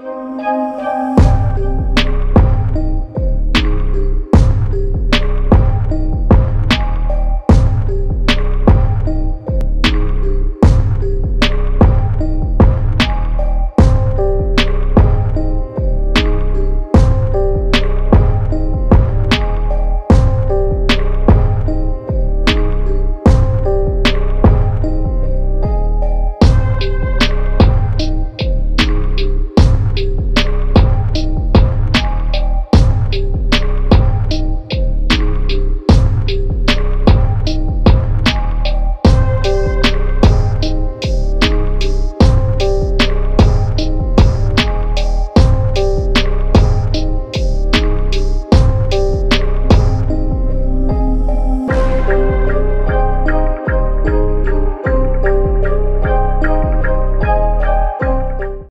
Música